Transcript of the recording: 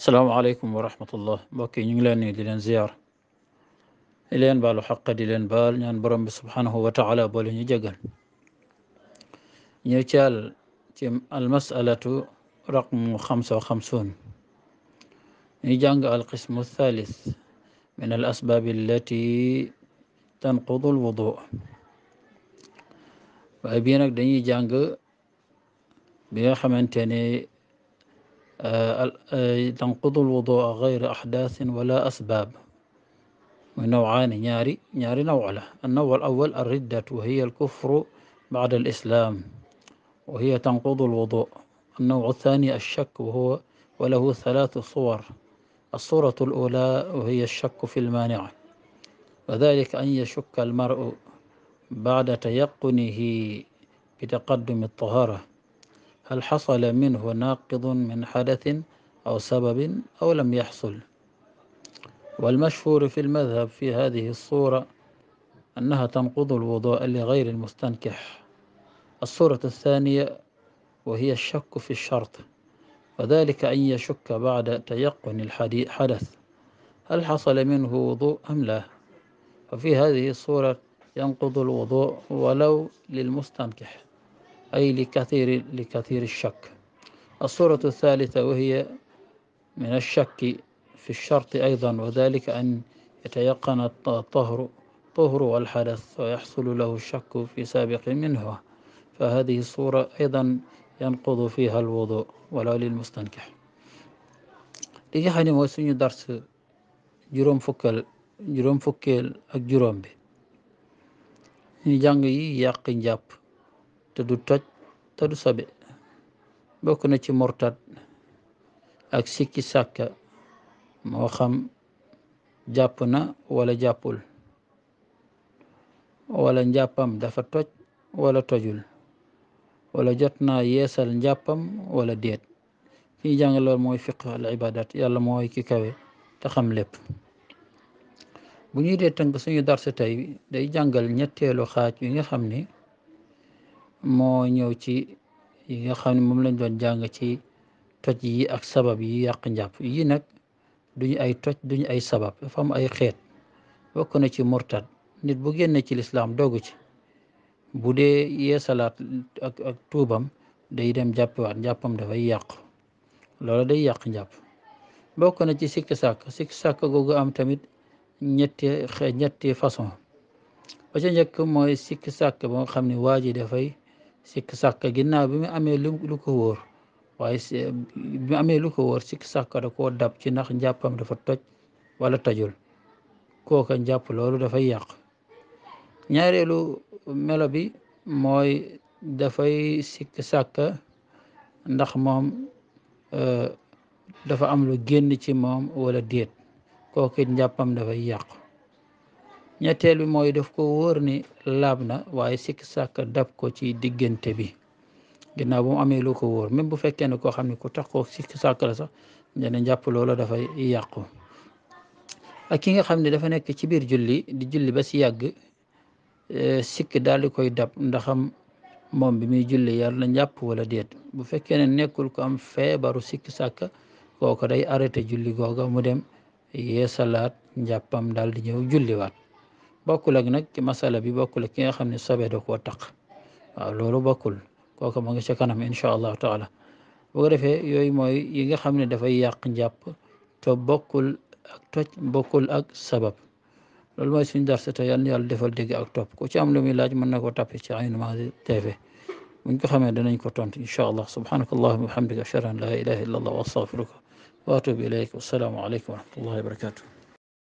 السلام عليكم ورحمة الله بوكي نيو لاني دلين زيار إلين بالو حق دلين بال نيان برم سبحانه وتعالى بولي نيو جغل نيو المسألة رقم خمسة وخمسون نيجانغ القسم الثالث من الأسباب التي تنقض الوضوء فأبينك دنيجانغ بيا خمان تنقض آه، آه، الوضوء غير أحداث ولا أسباب نوعان نياري نياري نوع له النوع الأول الردة وهي الكفر بعد الإسلام وهي تنقض الوضوء النوع الثاني الشك وهو وله ثلاث صور الصورة الأولى وهي الشك في المانع وذلك أن يشك المرء بعد تيقنه بتقدم الطهارة هل حصل منه ناقض من حدث أو سبب أو لم يحصل والمشهور في المذهب في هذه الصورة أنها تنقض الوضوء لغير المستنكح الصورة الثانية وهي الشك في الشرط وذلك أن يشك بعد تيقن الحدث هل حصل منه وضوء أم لا ففي هذه الصورة ينقض الوضوء ولو للمستنكح أي لكثير, لكثير الشك الصورة الثالثة وهي من الشك في الشرط أيضا وذلك أن يتيقن الطهر طهر والحدث ويحصل له الشك في سابق منه فهذه الصورة أيضا ينقض فيها الوضوء ولا للمستنكح li nga xam درس جروم suñu جروم juróom fukkal juróom fukkeel ak juróom te du toj te du sobe bokk na ci mortat ak sikki sàkka moo xam jàpp na wala jàppul wala njàppam dafa toj wala tojul wala jot naa yeesal njàppam wala déet ki jàng mooy fiq al ibadat yàlla mooy ki kawe xam lépp bu ñuy dee tënk suñu darsa tey day jàngal ñetteelu xaaj yi nga xam ni moo ñëw ci yi nga xam ne moom lañ doon jàng ci toj yi ak sabab yi yàq njàpp yi nag duñu ay toj duñu ay sabab fam ay xeet bokk na ci murtad nit bu génn ci lislaam dogu ci bu dee yeesalaat ak ak tuubam day dem jàppiwaat njàppam dafay yàqu loolu day yàq njàpp bokk na ci sikk sàkk sikk sàkk googu am tamit ñetti façon ba ca njëkk mooy sikk sàkk ba xam ne waa ji dafay sikk sàkk ginnaaw bi mu amee lu ko woor waaye bi mu amee lu ko wóor sikk sàkk dab ci ndax njàppam dafa toj wala tojul kooka njàpp loolu dafay yàq ñaareelu melo bi mooy dafay sikk sàkk ndax moom euh, dafa am lu génn ci moom wala déet kooka njàppam dafay yàqu ñetteel bi mooy def ko wóor ni laab na waaye sikk sàkk dab ko ci diggante bi ginnaaw bu mu amee ko woor même bu fekkee ne koo xam ne ku tax ko sikk sàkk la sax dana jàpp loola dafay yàqu ak ki nga xam ne dafa nekk ci biir julli di julli ba si yàgg e, sikk daal di koy dab ndaxam moom bi muy julli yar na njàpp wala deet bu fekkee ne nekkul ko am feebaru sikk sàkk kooko day arrêté julli googa mu dem yee salaat njàppam dal di ñëw julliwaat bokul ak nag masala bi bokul ki nga xamni sobe do ko tak waaw lolu bokul koko mo ngi ci kanam incha allahu taala bu ko defee yooyu mooy yi nga xamni da fay yàq njap to bokul ak toj bokul ak sabab lolu moy suñu dar sa yal na yàlla defal deg ak top ko ci am lu mi laaj man nako tapé ci ayna ma TV buñ ko xamé danañ ko tont incha allah subhanaka allahumma wa bihamdika ashhadu an la ilaha illa allah wa astaghfiruka wa atubu ilayk wassalaamu aleykum wa rahmatullahi wa barakatuh